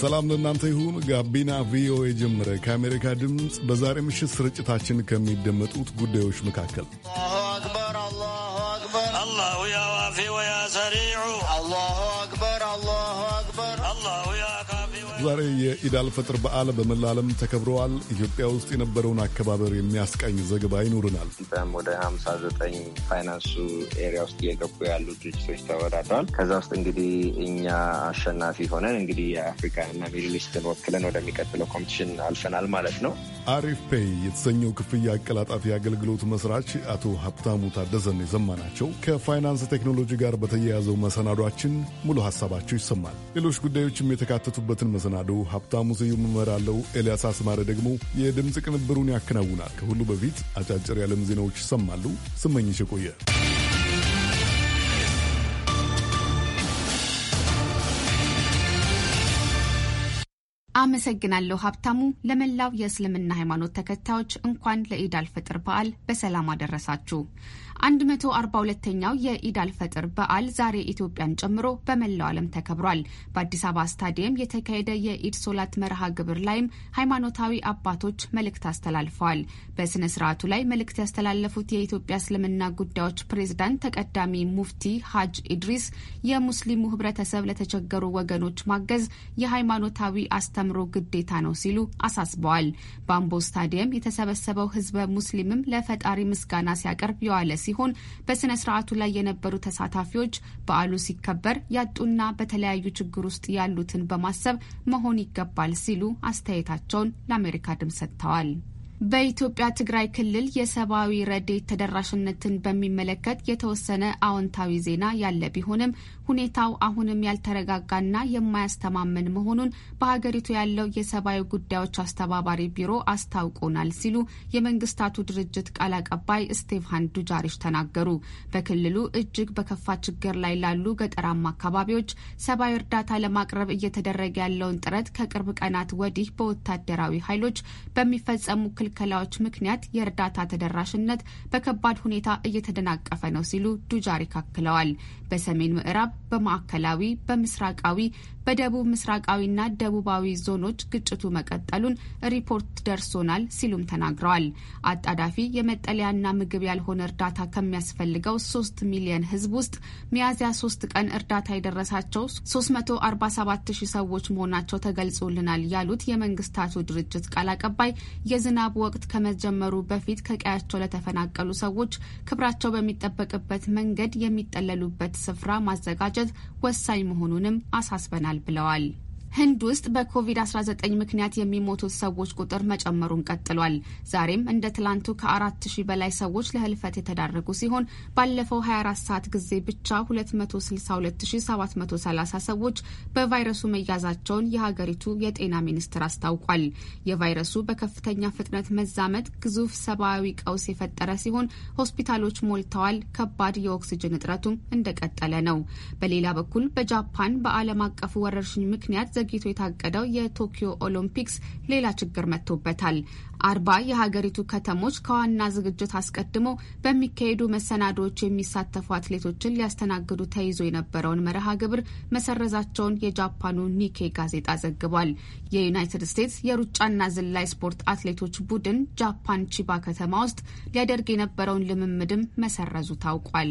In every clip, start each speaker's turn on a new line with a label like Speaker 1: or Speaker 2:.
Speaker 1: ሰላም ለእናንተ ይሁን። ጋቢና ቪኦኤ ጀምረ ከአሜሪካ ድምፅ በዛሬ ምሽት ስርጭታችን ከሚደመጡት ጉዳዮች መካከል አላሁ አክበር አላሁ
Speaker 2: አክበር አላሁ ያዋፊ ወያ ሰሪዑ
Speaker 1: ዛሬ የኢዳል ፈጥር በዓል በመላ ዓለም ተከብረዋል። ኢትዮጵያ ውስጥ የነበረውን አከባበር የሚያስቃኝ ዘገባ ይኖርናል።
Speaker 3: ወደ 59 ፋይናንሱ ኤሪያ ውስጥ እየገቡ ያሉ ድርጅቶች ተወዳድረዋል። ከዛ ውስጥ እንግዲህ እኛ አሸናፊ ሆነን እንግዲህ የአፍሪካን እና ሚድል ወክለን ወደሚቀጥለው ኮምፒቲሽን አልፈናል ማለት ነው።
Speaker 1: አሪፍ ፔይ የተሰኘው ክፍያ አቀላጣፊ አገልግሎት መስራች አቶ ሀብታሙ ታደሰን ናቸው። ከፋይናንስ ቴክኖሎጂ ጋር በተያያዘው መሰናዷችን ሙሉ ሀሳባቸው ይሰማል። ሌሎች ጉዳዮችም የተካተቱበትን መሰና መሰናዶ ሀብታሙ ስዩ እመራለሁ። ኤልያስ አስማረ ደግሞ የድምፅ ቅንብሩን ያከናውናል። ከሁሉ በፊት አጫጭር የዓለም ዜናዎች ይሰማሉ። ስመኝሽ ቆየ።
Speaker 4: አመሰግናለሁ ሀብታሙ። ለመላው የእስልምና ሃይማኖት ተከታዮች እንኳን ለኢድ አልፈጥር በዓል በሰላም አደረሳችሁ። 142ኛው የኢዳል ፈጥር በዓል ዛሬ ኢትዮጵያን ጨምሮ በመላው ዓለም ተከብሯል። በአዲስ አበባ ስታዲየም የተካሄደ የኢድ ሶላት መርሃ ግብር ላይም ሃይማኖታዊ አባቶች መልእክት አስተላልፈዋል። በስነ ስርዓቱ ላይ መልእክት ያስተላለፉት የኢትዮጵያ እስልምና ጉዳዮች ፕሬዝዳንት ተቀዳሚ ሙፍቲ ሀጅ ኢድሪስ የሙስሊሙ ህብረተሰብ ለተቸገሩ ወገኖች ማገዝ የሃይማኖታዊ አስተምሮ ግዴታ ነው ሲሉ አሳስበዋል። በአምቦ ስታዲየም የተሰበሰበው ህዝበ ሙስሊምም ለፈጣሪ ምስጋና ሲያቀርብ የዋለ ሲሆን በስነ ስርዓቱ ላይ የነበሩ ተሳታፊዎች በዓሉ ሲከበር ያጡና በተለያዩ ችግር ውስጥ ያሉትን በማሰብ መሆን ይገባል ሲሉ አስተያየታቸውን ለአሜሪካ ድምፅ ሰጥተዋል። በኢትዮጵያ ትግራይ ክልል የሰብአዊ ረዴት ተደራሽነትን በሚመለከት የተወሰነ አዎንታዊ ዜና ያለ ቢሆንም ሁኔታው አሁንም ያልተረጋጋና የማያስተማመን መሆኑን በሀገሪቱ ያለው የሰብአዊ ጉዳዮች አስተባባሪ ቢሮ አስታውቆናል ሲሉ የመንግስታቱ ድርጅት ቃል አቀባይ ስቴፋን ዱጃሪሽ ተናገሩ። በክልሉ እጅግ በከፋ ችግር ላይ ላሉ ገጠራማ አካባቢዎች ሰብአዊ እርዳታ ለማቅረብ እየተደረገ ያለውን ጥረት ከቅርብ ቀናት ወዲህ በወታደራዊ ኃይሎች በሚፈጸሙ ክልከላዎች ምክንያት የእርዳታ ተደራሽነት በከባድ ሁኔታ እየተደናቀፈ ነው ሲሉ ዱጃሪክ አክለዋል። በሰሜን ምዕራብ፣ በማዕከላዊ፣ በምስራቃዊ በደቡብ ምስራቃዊና ደቡባዊ ዞኖች ግጭቱ መቀጠሉን ሪፖርት ደርሶናል ሲሉም ተናግረዋል። አጣዳፊ የመጠለያና ምግብ ያልሆነ እርዳታ ከሚያስፈልገው ሶስት ሚሊየን ህዝብ ውስጥ ሚያዝያ ሶስት ቀን እርዳታ የደረሳቸው ሰባት ሺህ ሰዎች መሆናቸው ተገልጾልናል ያሉት የመንግስታቱ ድርጅት ቃል አቀባይ የዝናብ ወቅት ከመጀመሩ በፊት ከቀያቸው ለተፈናቀሉ ሰዎች ክብራቸው በሚጠበቅበት መንገድ የሚጠለሉበት ስፍራ ማዘጋጀት ወሳኝ መሆኑንም አሳስበናል ይሆናል ብለዋል። ህንድ ውስጥ በኮቪድ-19 ምክንያት የሚሞቱት ሰዎች ቁጥር መጨመሩን ቀጥሏል። ዛሬም እንደ ትላንቱ ከ ሺህ በላይ ሰዎች ለህልፈት የተዳረጉ ሲሆን ባለፈው 24 ሰዓት ጊዜ ብቻ 262730 ሰዎች በቫይረሱ መያዛቸውን የሀገሪቱ የጤና ሚኒስቴር አስታውቋል። የቫይረሱ በከፍተኛ ፍጥነት መዛመት ግዙፍ ሰብአዊ ቀውስ የፈጠረ ሲሆን ሆስፒታሎች ሞልተዋል። ከባድ የኦክሲጅን እጥረቱም እንደቀጠለ ነው። በሌላ በኩል በጃፓን በዓለም አቀፉ ወረርሽኝ ምክንያት ዘግይቶ የታቀደው የቶኪዮ ኦሎምፒክስ ሌላ ችግር መጥቶበታል። አርባ የሀገሪቱ ከተሞች ከዋና ዝግጅት አስቀድሞ በሚካሄዱ መሰናዶዎች የሚሳተፉ አትሌቶችን ሊያስተናግዱ ተይዞ የነበረውን መርሃ ግብር መሰረዛቸውን የጃፓኑ ኒኬ ጋዜጣ ዘግቧል። የዩናይትድ ስቴትስ የሩጫና ዝላይ ስፖርት አትሌቶች ቡድን ጃፓን ቺባ ከተማ ውስጥ ሊያደርግ የነበረውን ልምምድም መሰረዙ ታውቋል።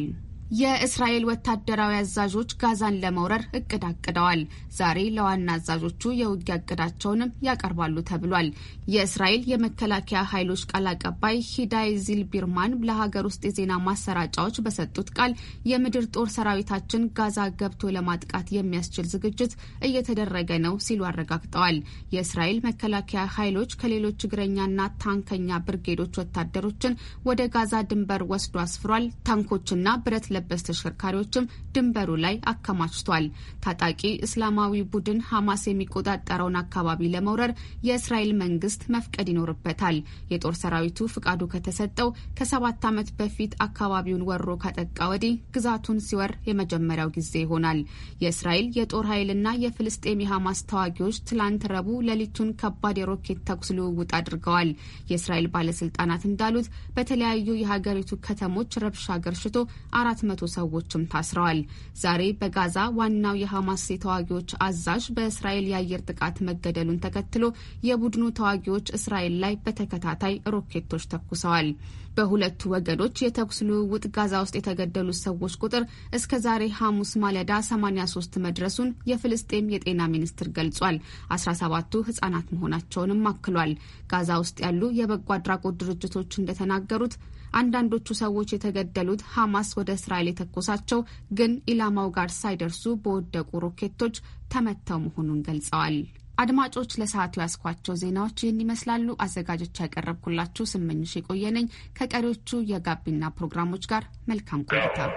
Speaker 4: የእስራኤል ወታደራዊ አዛዦች ጋዛን ለመውረር እቅድ አቅደዋል። ዛሬ ለዋና አዛዦቹ የውጊያ እቅዳቸውንም ያቀርባሉ ተብሏል። የእስራኤል የመከላከያ ኃይሎች ቃል አቀባይ ሂዳይ ዚል ቢርማን ለሀገር ውስጥ የዜና ማሰራጫዎች በሰጡት ቃል የምድር ጦር ሰራዊታችን ጋዛ ገብቶ ለማጥቃት የሚያስችል ዝግጅት እየተደረገ ነው ሲሉ አረጋግጠዋል። የእስራኤል መከላከያ ኃይሎች ከሌሎች እግረኛና ታንከኛ ብርጌዶች ወታደሮችን ወደ ጋዛ ድንበር ወስዶ አስፍሯል። ታንኮችና ብረት የሚለበስ ተሽከርካሪዎችም ድንበሩ ላይ አከማችቷል። ታጣቂ እስላማዊ ቡድን ሐማስ የሚቆጣጠረውን አካባቢ ለመውረር የእስራኤል መንግስት መፍቀድ ይኖርበታል። የጦር ሰራዊቱ ፍቃዱ ከተሰጠው ከሰባት ዓመት በፊት አካባቢውን ወሮ ካጠቃ ወዲህ ግዛቱን ሲወር የመጀመሪያው ጊዜ ይሆናል። የእስራኤል የጦር ኃይልና የፍልስጤም የሐማስ ተዋጊዎች ትላንት ረቡዕ ሌሊቱን ከባድ የሮኬት ተኩስ ልውውጥ አድርገዋል። የእስራኤል ባለስልጣናት እንዳሉት በተለያዩ የሀገሪቱ ከተሞች ረብሻ ገርሽቶ አራት መቶ ሰዎችም ታስረዋል። ዛሬ በጋዛ ዋናው የሐማስ የተዋጊዎች አዛዥ በእስራኤል የአየር ጥቃት መገደሉን ተከትሎ የቡድኑ ተዋጊዎች እስራኤል ላይ በተከታታይ ሮኬቶች ተኩሰዋል። በሁለቱ ወገኖች የተኩስ ልውውጥ ጋዛ ውስጥ የተገደሉት ሰዎች ቁጥር እስከ ዛሬ ሐሙስ ማለዳ 83 መድረሱን የፍልስጤም የጤና ሚኒስትር ገልጿል። 17ቱ ህጻናት መሆናቸውንም አክሏል። ጋዛ ውስጥ ያሉ የበጎ አድራጎት ድርጅቶች እንደተናገሩት አንዳንዶቹ ሰዎች የተገደሉት ሐማስ ወደ እስራኤል የተኮሳቸው ግን ኢላማው ጋር ሳይደርሱ በወደቁ ሮኬቶች ተመተው መሆኑን ገልጸዋል። አድማጮች ለሰዓቱ ያስኳቸው ዜናዎች ይህን ይመስላሉ። አዘጋጆች ያቀረብኩላችሁ ስመኝሽ የቆየነኝ ከቀሪዎቹ የጋቢና ፕሮግራሞች ጋር መልካም ቆይታ።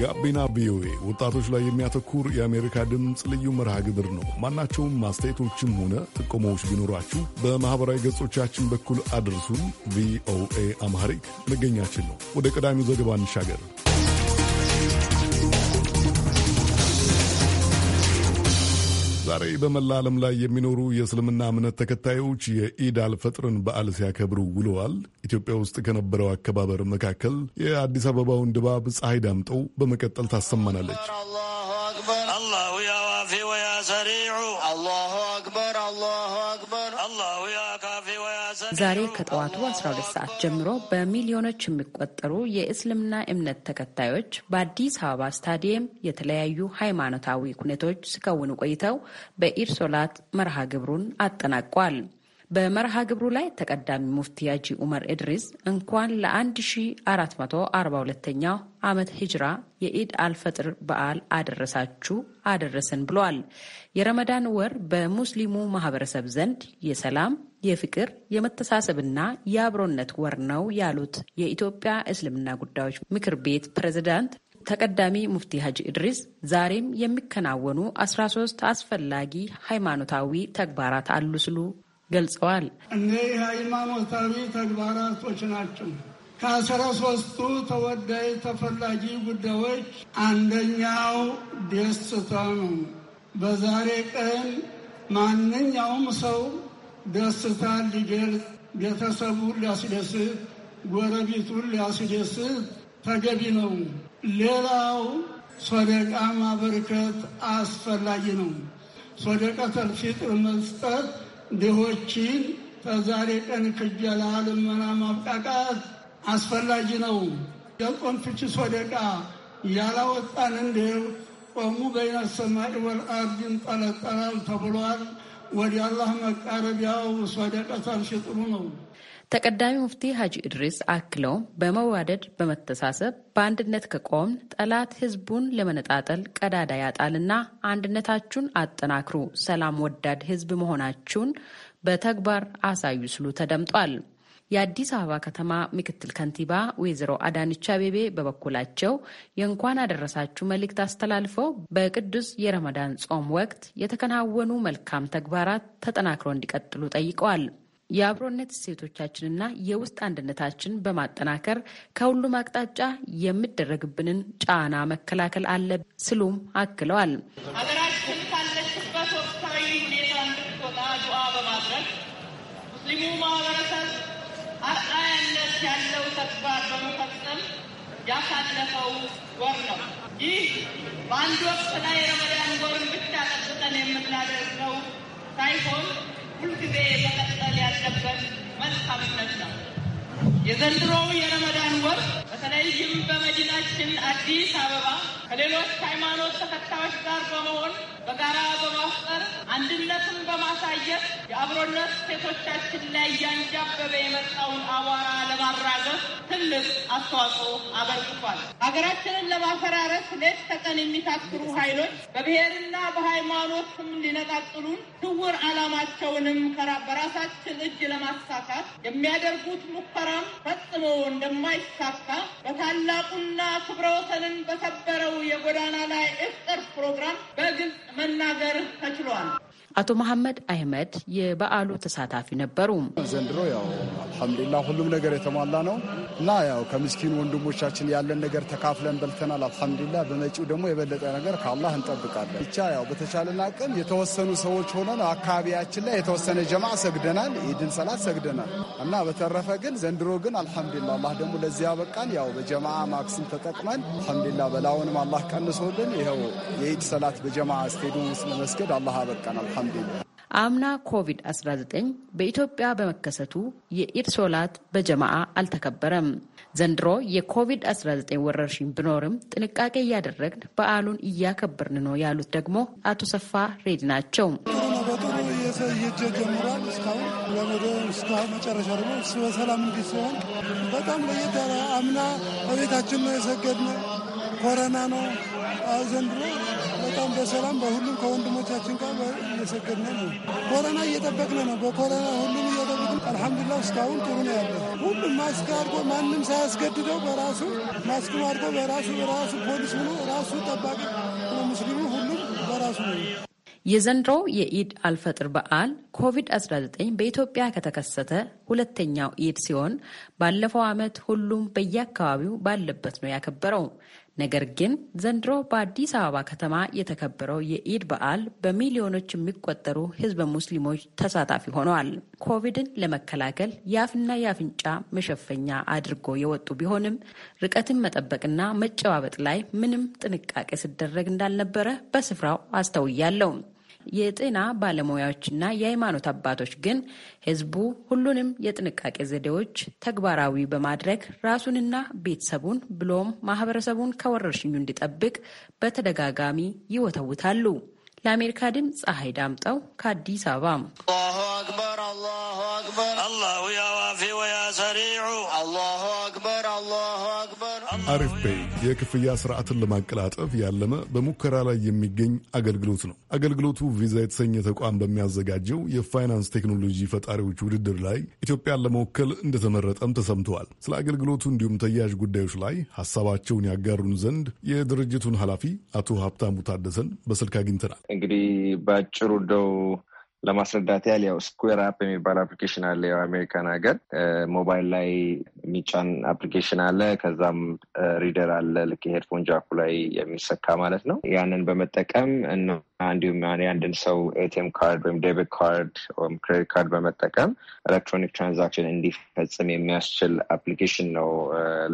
Speaker 1: ጋቢና ቪኦኤ ወጣቶች ላይ የሚያተኩር የአሜሪካ ድምፅ ልዩ መርሃ ግብር ነው። ማናቸውም ማስተያየቶችም ሆነ ጥቆማዎች ቢኖሯችሁ በማኅበራዊ ገጾቻችን በኩል አድርሱን። ቪኦኤ አምሃሪክ መገኛችን ነው። ወደ ቀዳሚው ዘገባ እንሻገር። ዛሬ በመላ ዓለም ላይ የሚኖሩ የእስልምና እምነት ተከታዮች የኢድ አልፈጥርን በዓል ሲያከብሩ ውለዋል። ኢትዮጵያ ውስጥ ከነበረው አከባበር መካከል የአዲስ አበባውን ድባብ ፀሐይ ዳምጠው በመቀጠል ታሰማናለች።
Speaker 5: ዛሬ ከጠዋቱ 12 ሰዓት ጀምሮ በሚሊዮኖች የሚቆጠሩ የእስልምና እምነት ተከታዮች በአዲስ አበባ ስታዲየም የተለያዩ ሃይማኖታዊ ኩነቶች ሲከውኑ ቆይተው በኢድ ሶላት መርሃ ግብሩን አጠናቋል። በመርሃ ግብሩ ላይ ተቀዳሚ ሙፍቲ ያጂ ኡመር ኢድሪስ እንኳን ለ1442ኛው ዓመት ሂጅራ የኢድ አልፈጥር በዓል አደረሳችሁ አደረሰን ብለዋል። የረመዳን ወር በሙስሊሙ ማህበረሰብ ዘንድ የሰላም፣ የፍቅር፣ የመተሳሰብና የአብሮነት ወር ነው ያሉት የኢትዮጵያ እስልምና ጉዳዮች ምክር ቤት ፕሬዝዳንት ተቀዳሚ ሙፍቲ ሀጂ ኢድሪስ ዛሬም የሚከናወኑ 13 አስፈላጊ ሃይማኖታዊ ተግባራት አሉ ስሉ ገልጸዋል።
Speaker 2: እኔ ሃይማኖታዊ ተግባራቶች ናቸው። ከአስራ ሶስቱ ተወዳጅ ተፈላጊ ጉዳዮች አንደኛው ደስታ ነው። በዛሬ ቀን ማንኛውም ሰው ደስታ ሊገልጽ፣ ቤተሰቡን ሊያስደስት፣ ጎረቤቱን ሊያስደስት ተገቢ ነው። ሌላው ሶደቃ ማበርከት አስፈላጊ ነው። ሶደቀተል ፊጥር መስጠት ድሆችን ከዛሬ ቀን ክጀላ ልመና ማብቃቃት አስፈላጊ ነው። የቆንፍች ሶደቃ ያላወጣን እንዴው ቆሙ በይነ ሰማይ ወልአርድ ይንጠለጠላል ተብሏል። ወዲ አላህ መቃረቢያው ሶደቀተል ፊጥሩ ነው።
Speaker 5: ተቀዳሚ ሙፍቲ ሀጂ ኢድሪስ አክለውም በመዋደድ በመተሳሰብ በአንድነት ከቆምን ጠላት ህዝቡን ለመነጣጠል ቀዳዳ ያጣልና አንድነታችሁን አጠናክሩ፣ ሰላም ወዳድ ህዝብ መሆናችሁን በተግባር አሳዩ ስሉ ተደምጧል። የአዲስ አበባ ከተማ ምክትል ከንቲባ ወይዘሮ አዳንቻ አቤቤ በበኩላቸው የእንኳን አደረሳችሁ መልእክት አስተላልፈው በቅዱስ የረመዳን ጾም ወቅት የተከናወኑ መልካም ተግባራት ተጠናክሮ እንዲቀጥሉ ጠይቀዋል። የአብሮነት እሴቶቻችንና የውስጥ አንድነታችን በማጠናከር ከሁሉም አቅጣጫ የሚደረግብንን ጫና መከላከል አለ ስሉም አክለዋል።
Speaker 2: ሀገራችን ካለችበት ወቅታዊ ሁኔታ እንድትወጣ በማድረግ ሙስሊሙ ማህበረሰብ አርአያነት ያለው ተግባር በመፈጸም ያሳለፈው ወር ነው። ይህ በአንድ ወቅት ላይ ረመዳን ወርን ብቻ ጠብቀን የምናደርገው ሳይሆን ሁልጊዜ በመቀጠል ያለበት መልካምነት ነው። የዘንድሮው የረመዳን ወር በተለይም በመዲናችን አዲስ አበባ ከሌሎች ሃይማኖት ተከታዮች ጋር በመሆን በጋራ በማፍጠር አንድነትን በማሳየት የአብሮነት ሴቶቻችን ላይ እያንጃበበ የመጣውን አቧራ ለማራገፍ
Speaker 6: ትልቅ አስተዋጽኦ አበርክቷል።
Speaker 2: ሀገራችንን ለማፈራረስ ሌት ተቀን የሚታክሩ ኃይሎች በብሔርና በሃይማኖትም ሊነጣጥሉን ስውር ዓላማቸውንም በራሳችን እጅ ለማሳካት የሚያደርጉት ሙከራም ፈጽሞ እንደማይሳካ በታላቁና ክብረ ወሰንን በሰበረው የጎዳና ላይ እፍጥር ፕሮግራም በግልጽ መናገር ተችሏል።
Speaker 5: አቶ መሐመድ አህመድ የበዓሉ ተሳታፊ
Speaker 1: ነበሩ። ዘንድሮ ያው አልሐምዱሊላ ሁሉም ነገር የተሟላ ነው እና ያው ከምስኪን ወንድሞቻችን ያለን ነገር ተካፍለን በልተናል። አልሐምዱሊላ በመጪው ደግሞ የበለጠ ነገር ከአላህ እንጠብቃለን። ብቻ ያው በተቻለን አቅም የተወሰኑ ሰዎች ሆነን አካባቢያችን ላይ የተወሰነ ጀማ ሰግደናል፣ ኢድን ሰላት ሰግደናል እና በተረፈ ግን ዘንድሮ ግን አልሐምዱሊላ አላህ ደግሞ ለዚያ በቃን። ያው በጀማ ማክስም ተጠቅመን አልሐምዱሊላ በላውንም አላህ ቀንሶልን ይኸው የኢድ ሰላት በጀማ ስቴዲየም ውስጥ ለመስገድ አላህ አበቃን። አንደኛ
Speaker 5: አምና ኮቪድ-19 በኢትዮጵያ በመከሰቱ የኢድ ሶላት በጀማአ አልተከበረም። ዘንድሮ የኮቪድ-19 ወረርሽኝ ቢኖርም ጥንቃቄ እያደረግን በዓሉን እያከበርን ነው ያሉት ደግሞ አቶ ሰፋ ሬድ ናቸው።
Speaker 2: እየጀ ጀምሯል። እስካሁን ለመደ እስካሁን መጨረሻ ደግሞ እሱ በሰላም እንዲ ሲሆን በጣም ለየተረ አምና በቤታችን ነው የሰገድነው። ኮረና ነው ዘንድሮ በጣም በሰላም በሁሉም ከወንድሞቻችን ጋር እየሰገድነ ነው። ኮረና እየጠበቅነ ነው። በኮረና ሁሉም እየጠበቅን አልሐምዱላ እስካሁን ጥሩ ነው ያለ። ሁሉም ማስክ አድርጎ ማንም ሳያስገድደው በራሱ ማስክ አድርጎ በራሱ በራሱ ፖሊስ ሆኖ ራሱ ጠባቂ ሙስሊሙ ሁሉም በራሱ ነው
Speaker 5: የዘንድሮው የኢድ አልፈጥር በዓል ኮቪድ-19 በኢትዮጵያ ከተከሰተ ሁለተኛው ኢድ ሲሆን ባለፈው ዓመት ሁሉም በየአካባቢው ባለበት ነው ያከበረው። ነገር ግን ዘንድሮ በአዲስ አበባ ከተማ የተከበረው የኢድ በዓል በሚሊዮኖች የሚቆጠሩ ህዝበ ሙስሊሞች ተሳታፊ ሆነዋል። ኮቪድን ለመከላከል የአፍና የአፍንጫ መሸፈኛ አድርጎ የወጡ ቢሆንም ርቀትን መጠበቅና መጨባበጥ ላይ ምንም ጥንቃቄ ሲደረግ እንዳልነበረ በስፍራው አስተውያለሁ። የጤና ባለሙያዎችና የሃይማኖት አባቶች ግን ህዝቡ ሁሉንም የጥንቃቄ ዘዴዎች ተግባራዊ በማድረግ ራሱንና ቤተሰቡን ብሎም ማህበረሰቡን ከወረርሽኙ እንዲጠብቅ በተደጋጋሚ ይወተውታሉ። ለአሜሪካ ድምፅ ፀሐይ ዳምጠው ከአዲስ አበባ።
Speaker 2: አላሁ አክበር አላሁ ያዋፊ ወያ ሰሪዑ አላሁ
Speaker 1: አሪፍ ፔይ የክፍያ ስርዓትን ለማቀላጠፍ ያለመ በሙከራ ላይ የሚገኝ አገልግሎት ነው። አገልግሎቱ ቪዛ የተሰኘ ተቋም በሚያዘጋጀው የፋይናንስ ቴክኖሎጂ ፈጣሪዎች ውድድር ላይ ኢትዮጵያን ለመወከል እንደተመረጠም ተሰምተዋል። ስለ አገልግሎቱ እንዲሁም ተያያዥ ጉዳዮች ላይ ሀሳባቸውን ያጋሩን ዘንድ የድርጅቱን ኃላፊ አቶ ሀብታሙ ታደሰን በስልክ አግኝተናል።
Speaker 3: እንግዲህ በአጭሩ እንደው ለማስረዳት ያህል ያው ስኩዌር አፕ የሚባል አፕሊኬሽን አለ። ያው አሜሪካን ሀገር ሞባይል ላይ የሚጫን አፕሊኬሽን አለ። ከዛም ሪደር አለ፣ ልክ ሄድፎን ጃኩ ላይ የሚሰካ ማለት ነው። ያንን በመጠቀም እና እንዲሁም የአንድን ሰው ኤቲኤም ካርድ ወይም ዴቢት ካርድ ወይም ክሬዲት ካርድ በመጠቀም ኤሌክትሮኒክ ትራንዛክሽን እንዲፈጽም የሚያስችል አፕሊኬሽን ነው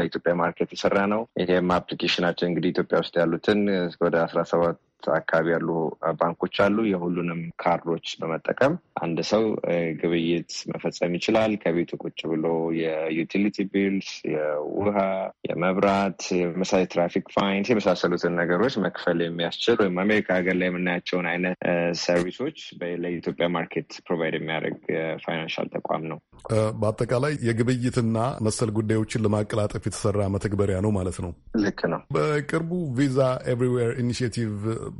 Speaker 3: ለኢትዮጵያ ማርኬት የሰራ ነው። ይሄም አፕሊኬሽናችን እንግዲህ ኢትዮጵያ ውስጥ ያሉትን ወደ አስራ ሰባት አካባቢ ያሉ ባንኮች አሉ። የሁሉንም ካርዶች በመጠቀም አንድ ሰው ግብይት መፈጸም ይችላል። ከቤቱ ቁጭ ብሎ የዩቲሊቲ ቢልስ፣ የውሃ፣ የመብራት፣ የመሳሰሉ ትራፊክ ፋይንስ የመሳሰሉትን ነገሮች መክፈል የሚያስችል ወይም አሜሪካ ሀገር ላይ የምናያቸውን አይነት ሰርቪሶች ለኢትዮጵያ ማርኬት ፕሮቫይድ የሚያደርግ ፋይናንሻል ተቋም ነው።
Speaker 1: በአጠቃላይ የግብይትና መሰል ጉዳዮችን ለማቀላጠፍ የተሰራ መተግበሪያ ነው ማለት ነው። ልክ ነው። በቅርቡ ቪዛ ኤቭሪዌር ኢኒሽቲቭ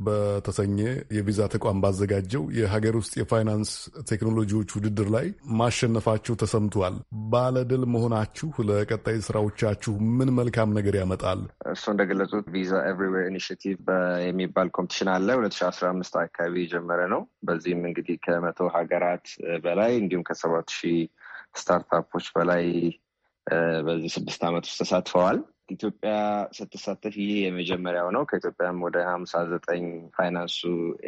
Speaker 1: በተሰኘ የቪዛ ተቋም ባዘጋጀው የሀገር ውስጥ የፋይናንስ ቴክኖሎጂዎች ውድድር ላይ ማሸነፋችሁ ተሰምቷል። ባለድል መሆናችሁ ለቀጣይ ስራዎቻችሁ ምን መልካም ነገር ያመጣል?
Speaker 3: እሱ እንደገለጹት ቪዛ ኤቭሪዌር ኢኒሽቲቭ የሚባል ኮምፒቲሽን አለ። ሁለት አስራ አምስት አካባቢ የጀመረ ነው። በዚህም እንግዲህ ከመቶ ሀገራት በላይ እንዲሁም ከሰባት ሺህ ስታርታፖች በላይ በዚህ ስድስት ዓመት ውስጥ ተሳትፈዋል። ኢትዮጵያ ስትሳተፍ ይህ የመጀመሪያው ነው። ከኢትዮጵያም ወደ ሀምሳ ዘጠኝ ፋይናንሱ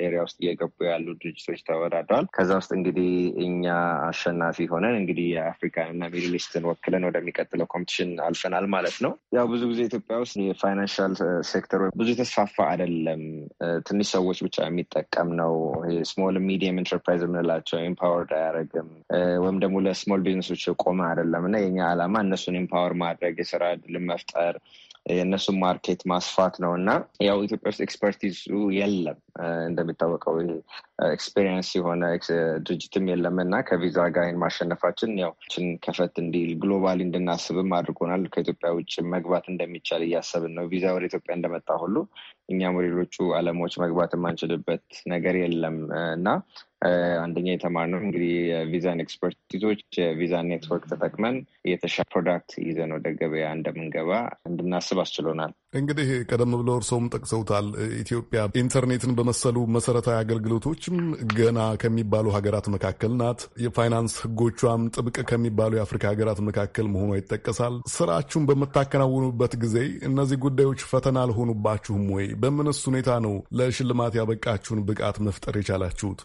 Speaker 3: ኤሪያ ውስጥ እየገቡ ያሉ ድርጅቶች ተወዳድረዋል። ከዛ ውስጥ እንግዲህ እኛ አሸናፊ ሆነን እንግዲህ የአፍሪካን እና ሚድል ኢስትን ወክለን ወደሚቀጥለው ኮምፒቲሽን አልፈናል ማለት ነው። ያው ብዙ ጊዜ ኢትዮጵያ ውስጥ የፋይናንሻል ሴክተር ብዙ የተስፋፋ አይደለም። ትንሽ ሰዎች ብቻ የሚጠቀም ነው። ስሞል ሚዲየም ኢንተርፕራይዝ የምንላቸው ኢምፓወርድ አያደርግም ወይም ደግሞ ለስሞል ቢዝነሶች የቆመ አይደለም እና የኛ ዓላማ እነሱን ኢምፓወር ማድረግ የስራ እድል መፍጠር ነበር የእነሱን ማርኬት ማስፋት ነው እና ያው ኢትዮጵያ ውስጥ ኤክስፐርቲዙ የለም እንደሚታወቀው ኤክስፔሪንስ የሆነ ድርጅትም የለም እና ከቪዛ ጋር ይህን ማሸነፋችን ያው ችን ከፈት እንዲል ግሎባሊ እንድናስብም አድርጎናል። ከኢትዮጵያ ውጭ መግባት እንደሚቻል እያሰብን ነው። ቪዛ ወደ ኢትዮጵያ እንደመጣ ሁሉ እኛም ወደ ሌሎቹ አለሞች መግባት የማንችልበት ነገር የለም እና አንደኛ የተማርነው እንግዲህ የቪዛን ኤክስፐርቲዞች የቪዛን ኔትወርክ ተጠቅመን የተሻለ ፕሮዳክት ይዘን ወደ ገበያ እንደምንገባ እንድናስብ አስችሎናል።
Speaker 1: እንግዲህ ቀደም ብሎ እርሰውም ጠቅሰውታል። ኢትዮጵያ ኢንተርኔትን በመሰሉ መሰረታዊ አገልግሎቶችም ገና ከሚባሉ ሀገራት መካከል ናት። የፋይናንስ ህጎቿም ጥብቅ ከሚባሉ የአፍሪካ ሀገራት መካከል መሆኗ ይጠቀሳል። ስራችሁን በምታከናውኑበት ጊዜ እነዚህ ጉዳዮች ፈተና አልሆኑባችሁም ወይ? በምንስ ሁኔታ ነው ለሽልማት ያበቃችሁን ብቃት መፍጠር የቻላችሁት?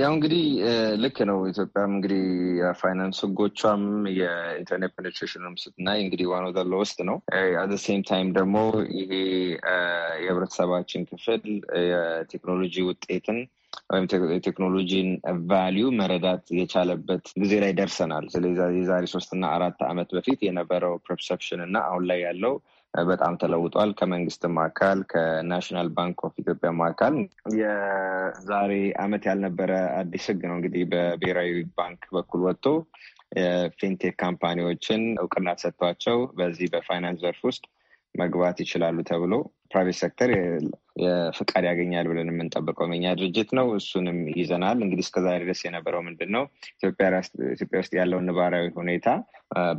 Speaker 3: ያው እንግዲህ ልክ ነው። ኢትዮጵያም እንግዲህ የፋይናንስ ህጎቿም የኢንተርኔት ፔኔትሬሽንም ስትናይ እንግዲህ ዋን ኦፍ ዘ ነው። አት ሴም ታይም ደግሞ ይሄ የህብረተሰባችን ክፍል የቴክኖሎጂ ውጤትን ወይም የቴክኖሎጂን ቫሊዩ መረዳት የቻለበት ጊዜ ላይ ደርሰናል። ስለዚህ የዛሬ ሶስትና አራት ዓመት በፊት የነበረው ፐርሰፕሽን እና አሁን ላይ ያለው በጣም ተለውጧል። ከመንግስትም አካል ከናሽናል ባንክ ኦፍ ኢትዮጵያም አካል የዛሬ አመት ያልነበረ አዲስ ህግ ነው እንግዲህ በብሔራዊ ባንክ በኩል ወጥቶ የፊንቴክ ካምፓኒዎችን እውቅና ሰጥቷቸው በዚህ በፋይናንስ ዘርፍ ውስጥ መግባት ይችላሉ ተብሎ ፕራይቬት ሴክተር ፍቃድ ያገኛል ብለን የምንጠብቀው መኛ ድርጅት ነው። እሱንም ይዘናል። እንግዲህ እስከዛሬ ድረስ የነበረው ምንድን ነው ኢትዮጵያ ውስጥ ያለውን ነባራዊ ሁኔታ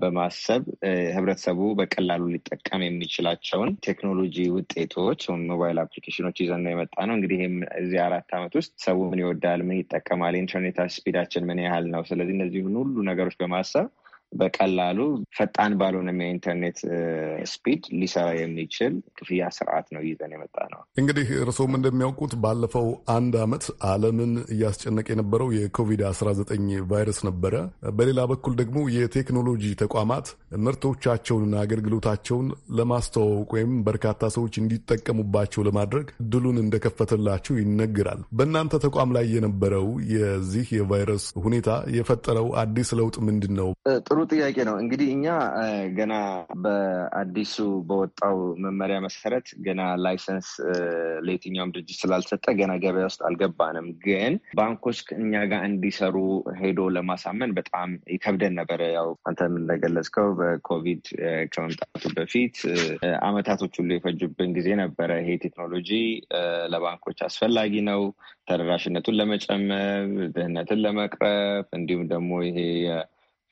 Speaker 3: በማሰብ ህብረተሰቡ በቀላሉ ሊጠቀም የሚችላቸውን ቴክኖሎጂ ውጤቶች ሞባይል አፕሊኬሽኖች ይዘን ነው የመጣ ነው። እንግዲህ እዚህ አራት ዓመት ውስጥ ሰው ምን ይወዳል፣ ምን ይጠቀማል፣ ኢንተርኔት ስፒዳችን ምን ያህል ነው። ስለዚህ እነዚህን ሁሉ ነገሮች በማሰብ በቀላሉ ፈጣን ባልሆነም የኢንተርኔት ስፒድ ሊሰራ የሚችል ክፍያ ስርዓት ነው ይዘን የመጣ ነው።
Speaker 1: እንግዲህ እርስዎም እንደሚያውቁት ባለፈው አንድ ዓመት ዓለምን እያስጨነቀ የነበረው የኮቪድ-19 ቫይረስ ነበረ። በሌላ በኩል ደግሞ የቴክኖሎጂ ተቋማት ምርቶቻቸውንና አገልግሎታቸውን ለማስተዋወቅ ወይም በርካታ ሰዎች እንዲጠቀሙባቸው ለማድረግ ድሉን እንደከፈተላቸው ይነገራል። በእናንተ ተቋም ላይ የነበረው የዚህ የቫይረስ ሁኔታ የፈጠረው አዲስ ለውጥ ምንድን ነው?
Speaker 3: ጥሩ ጥያቄ ነው። እንግዲህ እኛ ገና በአዲሱ በወጣው መመሪያ መሰረት ገና ላይሰንስ ለየትኛውም ድርጅት ስላልሰጠ ገና ገበያ ውስጥ አልገባንም። ግን ባንኮች እኛ ጋር እንዲሰሩ ሄዶ ለማሳመን በጣም ይከብደን ነበረ። ያው አንተም እንደገለጽከው በኮቪድ ከመምጣቱ በፊት አመታቶች ሁሉ የፈጁብን ጊዜ ነበረ። ይሄ ቴክኖሎጂ ለባንኮች አስፈላጊ ነው ተደራሽነቱን ለመጨመር፣ ድህነትን ለመቅረፍ እንዲሁም ደግሞ ይሄ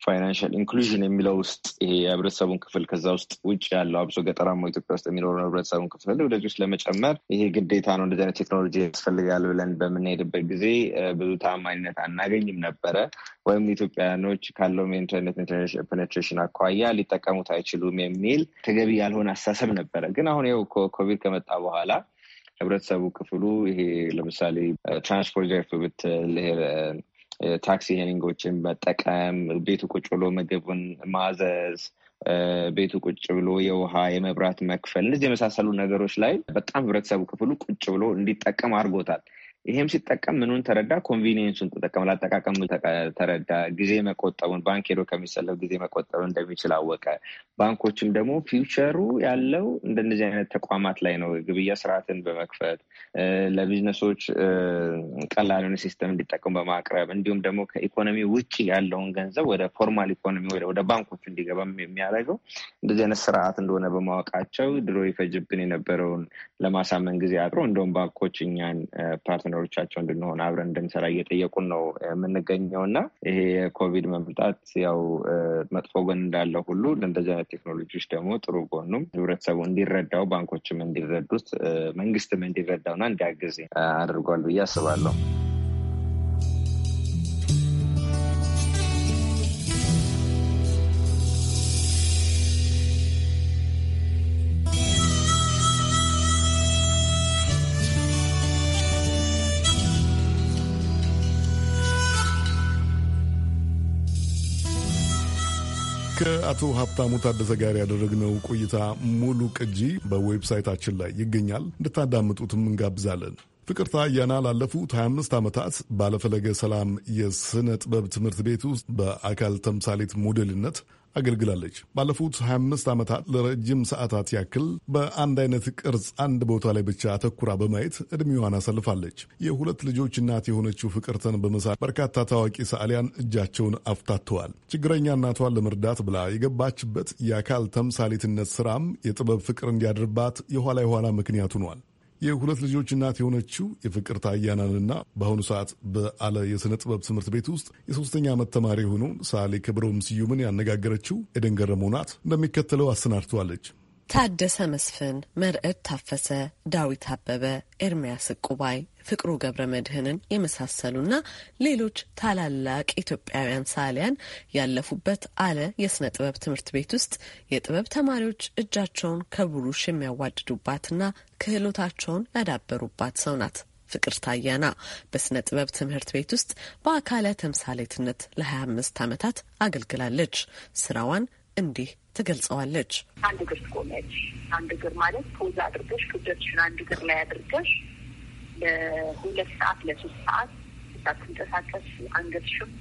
Speaker 3: ፋይናንሻል ኢንክሉዥን የሚለው ውስጥ ይሄ የህብረተሰቡን ክፍል ከዛ ውስጥ ውጭ ያለው አብሶ ገጠራማ ኢትዮጵያ ውስጥ የሚኖረው ህብረተሰቡን ክፍል ወደዚህ ውስጥ ለመጨመር ይሄ ግዴታ ነው። እንደዚህ አይነት ቴክኖሎጂ ያስፈልጋል ብለን በምንሄድበት ጊዜ ብዙ ታማኝነት አናገኝም ነበረ። ወይም ኢትዮጵያኖች ካለውም የኢንተርኔት ፔኔትሬሽን አኳያ ሊጠቀሙት አይችሉም የሚል ተገቢ ያልሆነ አስተሳሰብ ነበረ። ግን አሁን ይኸው ኮቪድ ከመጣ በኋላ ህብረተሰቡ ክፍሉ ይሄ ለምሳሌ ትራንስፖርት ዘርፍ ብትል ታክሲ ሄሊንጎችን መጠቀም፣ ቤቱ ቁጭ ብሎ ምግቡን ማዘዝ ቤቱ ቁጭ ብሎ የውሃ የመብራት መክፈል፣ እነዚህ የመሳሰሉ ነገሮች ላይ በጣም ህብረተሰቡ ክፍሉ ቁጭ ብሎ እንዲጠቀም አድርጎታል። ይሄም ሲጠቀም ምኑን ተረዳ? ኮንቪኒየንሱን ተጠቀመ፣ ላጠቃቀሙ ተረዳ፣ ጊዜ መቆጠቡን ባንክ ሄዶ ከሚሰለው ጊዜ መቆጠቡ እንደሚችል አወቀ። ባንኮችም ደግሞ ፊውቸሩ ያለው እንደነዚህ አይነት ተቋማት ላይ ነው፣ ግብያ ስርዓትን በመክፈት ለቢዝነሶች ቀላል የሆነ ሲስተም እንዲጠቀሙ በማቅረብ እንዲሁም ደግሞ ከኢኮኖሚ ውጭ ያለውን ገንዘብ ወደ ፎርማል ኢኮኖሚ ወደ ባንኮች እንዲገባ የሚያደርገው እንደዚህ አይነት ስርዓት እንደሆነ በማወቃቸው ድሮ ይፈጅብን የነበረውን ለማሳመን ጊዜ አጥሮ እንደውም ባንኮች እኛን ፓርት መኖሮቻቸው እንድንሆን አብረን እንድንሰራ እየጠየቁን ነው የምንገኘው እና ይሄ የኮቪድ መምጣት ያው መጥፎ ጎን እንዳለ ሁሉ እንደዚህ አይነት ቴክኖሎጂዎች ደግሞ ጥሩ ጎኑም ህብረተሰቡ እንዲረዳው፣ ባንኮችም እንዲረዱት፣ መንግስትም እንዲረዳውና እንዲያግዝ አድርጓል ብዬ አስባለሁ።
Speaker 1: ከአቶ ሀብታሙ ታደሰ ጋር ያደረግነው ቆይታ ሙሉ ቅጂ በዌብሳይታችን ላይ ይገኛል። እንድታዳምጡትም እንጋብዛለን። ፍቅርታ አያና ላለፉት 25 ዓመታት ባለፈለገ ሰላም የሥነ ጥበብ ትምህርት ቤት ውስጥ በአካል ተምሳሌት ሞዴልነት አገልግላለች። ባለፉት 25 ዓመታት ለረጅም ሰዓታት ያክል በአንድ አይነት ቅርጽ አንድ ቦታ ላይ ብቻ አተኩራ በማየት ዕድሜዋን አሳልፋለች። የሁለት ልጆች እናት የሆነችው ፍቅርተን በመሳል በርካታ ታዋቂ ሰዓሊያን እጃቸውን አፍታተዋል። ችግረኛ እናቷን ለመርዳት ብላ የገባችበት የአካል ተምሳሌትነት ስራም የጥበብ ፍቅር እንዲያድርባት የኋላ የኋላ ምክንያት ሆኗል። የሁለት ልጆች እናት የሆነችው የፍቅር ታያናንና በአሁኑ ሰዓት በአለ የሥነ ጥበብ ትምህርት ቤት ውስጥ የሶስተኛ ዓመት ተማሪ የሆነውን ሳሌ ክብረውም ስዩምን ያነጋገረችው ኤደን ገረመው ናት። እንደሚከተለው አሰናድተዋለች።
Speaker 7: ታደሰ መስፍን፣ መርዕድ ታፈሰ፣ ዳዊት አበበ፣ ኤርሚያስ ዕቁባይ፣ ፍቅሩ ገብረ መድህንን የመሳሰሉና ሌሎች ታላላቅ ኢትዮጵያውያን ሳሊያን ያለፉበት አለ የስነ ጥበብ ትምህርት ቤት ውስጥ የጥበብ ተማሪዎች እጃቸውን ከብሩሽ የሚያዋድዱባትና ክህሎታቸውን ያዳበሩባት ሰው ናት። ፍቅር ታያና በስነ ጥበብ ትምህርት ቤት ውስጥ በአካለ ተምሳሌትነት ለ25 ዓመታት አገልግላለች። ስራዋን እንዲህ ትገልጸዋለች።
Speaker 6: አንድ እግር ቆመች። አንድ እግር ማለት ፖዝ አድርገሽ ክብደትሽን አንድ እግር ላይ አድርገሽ ለሁለት ሰዓት ለሶስት ሰዓት ሳትንቀሳቀስ አንገትሽም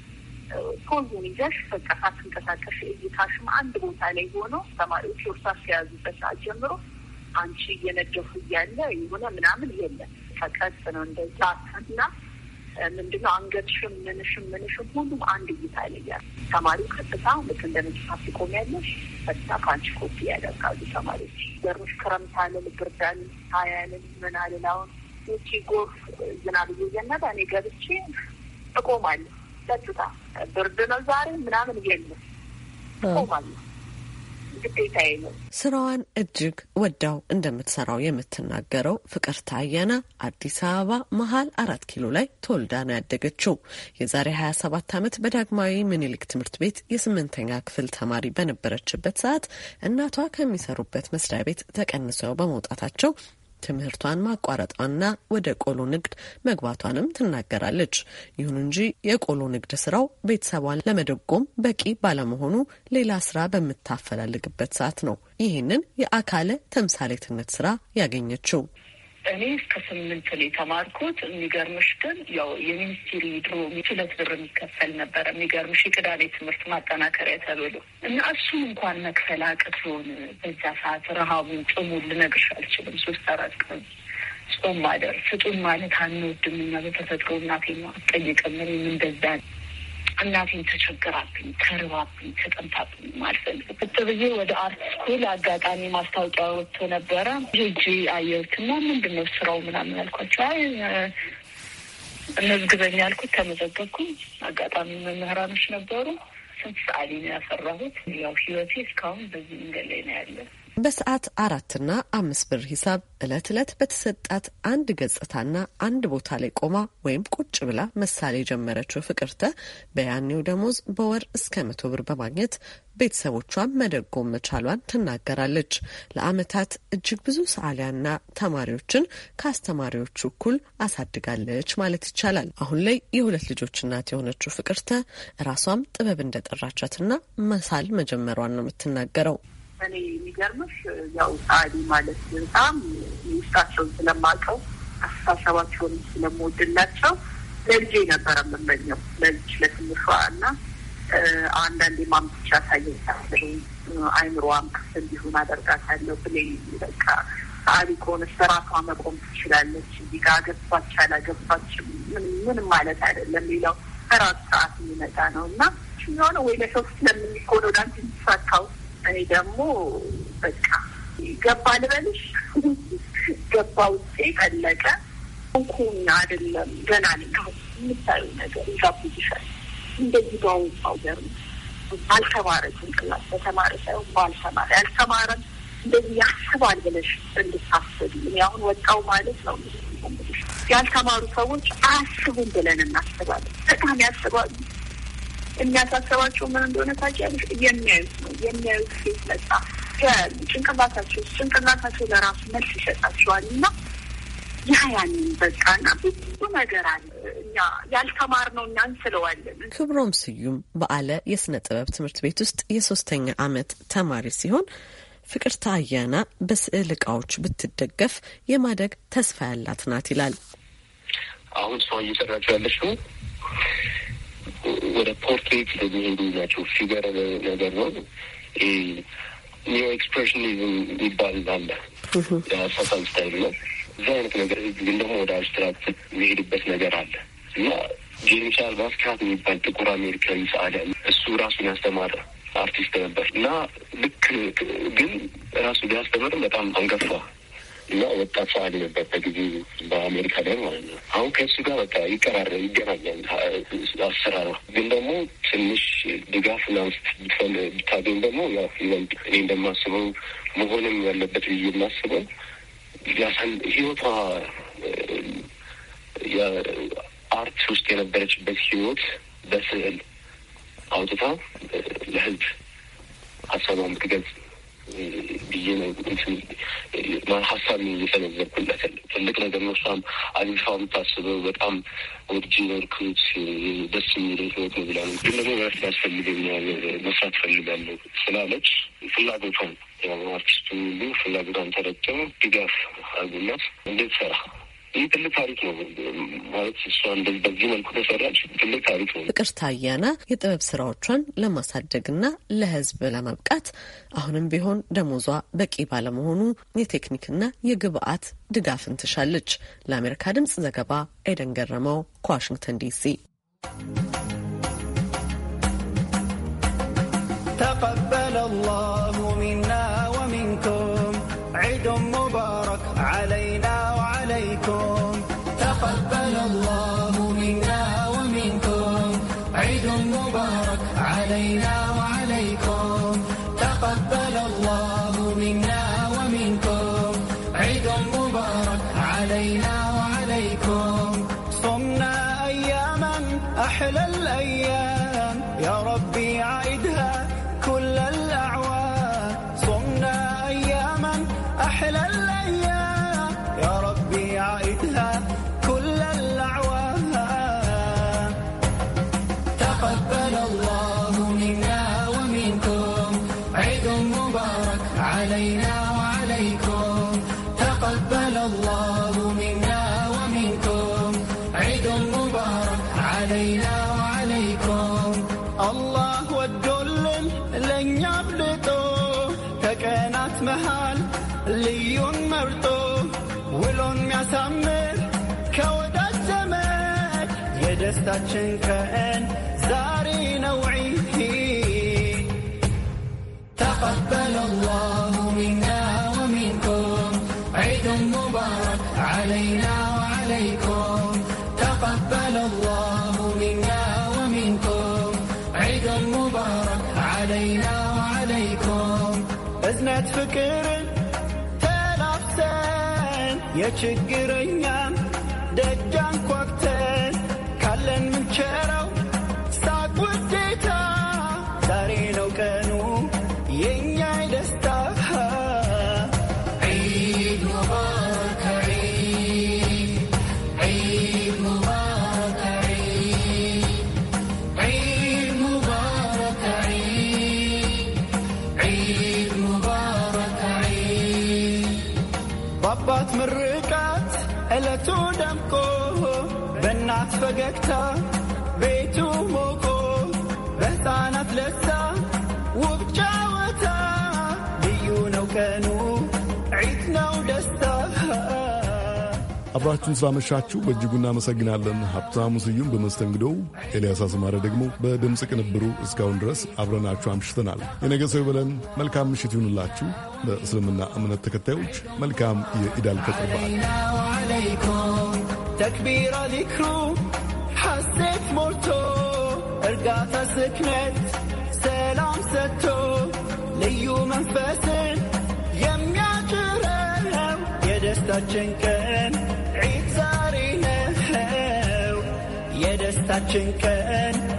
Speaker 6: ፖዙን ይዘሽ በቃ ሳትንቀሳቀሽ እይታሽም አንድ ቦታ ላይ ሆኖ ተማሪዎች ወርሳት ከያዙበት ሰዓት ጀምሮ አንቺ እየነደፉ እያለ የሆነ ምናምን የለም። ተቀጽ ነው እንደዛ እና ምንድነው አንገትሽም ምንሽም ምንሽም ሁሉም አንድ እይታ ይለያል። ተማሪው ቀጥታ ልክ እንደ መጽሐፍ ሲቆም ያለሽ ቀጥታ ከአንቺ ኮፒ ያደርጋሉ ተማሪዎች። ገርሞሽ ክረምት አለን ብርዳል ሀያልን ምን አለን አሁን ውጪ ጎርፍ ዝናብ እየዘነበ እኔ ገብቼ እቆማለሁ። ቀጥታ ብርድ ነው ዛሬ ምናምን የለም እቆማለሁ ግዴታዬ ነው።
Speaker 7: ስራዋን እጅግ ወዳው እንደምትሰራው የምትናገረው ፍቅር አያና አዲስ አበባ መሀል አራት ኪሎ ላይ ተወልዳ ነው ያደገችው። የዛሬ 27 ዓመት በዳግማዊ ምኒልክ ትምህርት ቤት የስምንተኛ ክፍል ተማሪ በነበረችበት ሰዓት እናቷ ከሚሰሩበት መስሪያ ቤት ተቀንሰው በመውጣታቸው ትምህርቷን ማቋረጧና ወደ ቆሎ ንግድ መግባቷንም ትናገራለች። ይሁን እንጂ የቆሎ ንግድ ስራው ቤተሰቧን ለመደጎም በቂ ባለመሆኑ ሌላ ስራ በምታፈላልግበት ሰዓት ነው ይህንን የአካለ ተምሳሌትነት ስራ ያገኘችው።
Speaker 6: እኔ እስከ ስምንት ነው የተማርኩት። የሚገርምሽ ግን ያው የሚኒስቴሪ ድሮ ሁለት ብር የሚከፈል ነበረ። የሚገርምሽ የቅዳሜ ትምህርት ማጠናከሪያ ተብሎ እና እሱም እንኳን መክፈል አቅቶን በዛ ሰዓት ረሃቡን ጥሙን ልነግርሽ አልችልም። ሶስት አራት ቀን ጾም ማደር ስጡን ማለት አንወድም እኛ በተፈጥሮ እናቴ ነው አትጠይቅም። እኔም እንደዛ እናቴን ተቸግራብኝ ተርባብኝ ተጠምታብኝ ማልፈልግ ብዬ ወደ አርት ስኩል አጋጣሚ ማስታወቂያ ወጥቶ ነበረ። ሄጄ አየሁትና ምንድን ነው ስራው ምናምን አልኳቸው። አይ መዝግበኝ አልኩት። ተመዘገብኩኝ። አጋጣሚ መምህራኖች ነበሩ። ስንት ሰዓሊ ነው ያሰራሁት። ያው ህይወቴ እስካሁን በዚህ መንገድ ላይ ነው ያለ።
Speaker 7: በሰዓት አራትና አምስት ብር ሂሳብ ዕለት ዕለት በተሰጣት አንድ ገጽታና አንድ ቦታ ላይ ቆማ ወይም ቁጭ ብላ መሳሌ የጀመረችው ፍቅርተ በያኔው ደሞዝ በወር እስከ መቶ ብር በማግኘት ቤተሰቦቿን መደጎም መቻሏን ትናገራለች። ለአመታት እጅግ ብዙ ሰዓሊያና ተማሪዎችን ከአስተማሪዎቹ እኩል አሳድጋለች ማለት ይቻላል። አሁን ላይ የሁለት ልጆች እናት የሆነችው ፍቅርተ ራሷም ጥበብ እንደጠራቻትና መሳል መጀመሯን ነው የምትናገረው።
Speaker 6: እኔ የሚገርምሽ ያው ጻዲ ማለት በጣም ውስጣቸውን ስለማውቀው አስተሳሰባቸውን ስለምወድላቸው ለልጄ ነበረ የምመኘው ለልጅ ለትንሿ እና አንዳንዴ ማምጥቻ ታየታለሁ አይምሮዋም ክፍት እንዲሆን አደርጋታለሁ። ብሌ በቃ ጻዲ ከሆነች በራሷ መቆም ትችላለች። እዚህ ጋር ገባች አላገባችም ምንም ማለት አይደለም። ሌላው በራሱ ሰዓት የሚመጣ ነው እና የሆነ ወይ ለሰው ስለምንሆነ ወደ አንድ የሚሳካው እኔ ደግሞ በቃ ገባ ልበልሽ ገባ ውጤ ጠለቀ እንኩኛ አይደለም ገና ልካሁ የምታዩ ነገር ይጋብዝሻል። እንደዚህ በአሁኑ ሀገር ባልተማረ ጭንቅላት በተማረ ሳይሆን ባልተማረ ያልተማረም እንደዚህ ያስባል ብለሽ እንድታስብ አሁን ወጣው ማለት ነው። ያልተማሩ ሰዎች አያስቡም ብለን እናስባለን። በጣም ያስባሉ የሚያሳሰባቸው ምን እንደሆነ ታውቂያለሽ? የሚያዩት ነው የሚያዩት ሴት መጣ ጭንቅላታቸው ጭንቅላታቸው ለራሱ መልስ ይሰጣቸዋል እና ያ ያንን በቃ እና ብዙ ነገር አለ ያልተማር ነው እኛ እንስለዋለን።
Speaker 7: ክብሮም ስዩም በአለ የስነ ጥበብ ትምህርት ቤት ውስጥ የሶስተኛ አመት ተማሪ ሲሆን ፍቅርታ አያና በስዕል እቃዎች ብትደገፍ የማደግ ተስፋ ያላት ናት ይላል።
Speaker 8: አሁን ሰው እየሰራቸው ያለችው ወደ ፖርትሬት የሚሄዱ ናቸው። ፊገር ነገር ነው። ኒዮ ኤክስፕሬሽኒዝም ይባል አለ። የአሳሳል ስታይል ነው። እዛ አይነት ነገር ግን ደግሞ ወደ አብስትራክት የሚሄድበት ነገር አለ እና ጄምስ ባስካት የሚባል ጥቁር አሜሪካዊ ሰዓሊ እሱ ራሱን ያስተማረ አርቲስት ነበር እና ልክ ግን ራሱ ቢያስተምርም በጣም አንገፋ እና ወጣት ሰው አለበት በጊዜ በአሜሪካ ላይ ማለት ነው። አሁን ከእሱ ጋር በቃ ይቀራረ ይገናኛል አሰራር ግን ደግሞ ትንሽ ድጋፍ ናንስ ብታገኝ ደግሞ እኔ እንደማስበው መሆንም ያለበት ብዬ የማስበው ህይወቷ አርት ውስጥ የነበረችበት ህይወት በስዕል አውጥታ ለህዝብ ሀሳቧን ብትገልጽ ብዬ ነው ሀሳብ እየሰነዘርኩለት ትልቅ ነገር ነው። እሷም አግኝፋ ታስበው በጣም ወድጄ ነው ደስ የሚል ህይወት ነው ብላ ግን ደግሞ በረፍት ያስፈልገኛል መስራት ፈልጋለሁ ስላለች ፍላጎቷን አርቲስቱ ሁሉ ፍላጎቷን ተረድተው ድጋፍ አርጉላት እንዴት ሰራ ይህ ትልቅ ታሪክ ነው ማለት እሷ በዚህ መልኩ ተሰራች ትልቅ ታሪክ ነው።
Speaker 7: ፍቅርተ አያና የጥበብ ስራዎቿን ለማሳደግና ለህዝብ ለማብቃት አሁንም ቢሆን ደሞዟ በቂ ባለመሆኑ የቴክኒክና የግብአት ድጋፍን ትሻለች። ለአሜሪካ ድምጽ ዘገባ ኤደን ገረመው ከዋሽንግተን ዲሲ።
Speaker 2: ተቀበለ አላህ عيد مبارك علينا وعليكم تقبل الله منا ومنكم عيد مبارك علينا وعليكم أزمة فكر يا ተላፍተን የችግረኛም ደጃን ኳክተን من ምንቸራ ነግታ ቤቱ ሞቆ በሕፃናት ለሳ ውብ ጫወታ ልዩ ነው ቀኑ ነው ደስታ።
Speaker 1: አብራችሁን ስላመሻችሁ በእጅጉ እናመሰግናለን። ሀብታሙ ስዩም በመስተንግዶው፣ ኤልያስ አስማረ ደግሞ በድምፅ ቅንብሩ እስካሁን ድረስ አብረናችሁ አምሽተናል። የነገ ሰው ይበለን። መልካም ምሽት ይሁንላችሁ። በእስልምና እምነት ተከታዮች መልካም የኢዳል ፈጥር
Speaker 2: በዓል። ተክቢራ እርጋታ ስክነት ሰላም ሰጥቶ ልዩ መንፈስን የሚያጭረው የደስታችን ቀን ዒድ ዛሬ ነው የደስታችን ቀን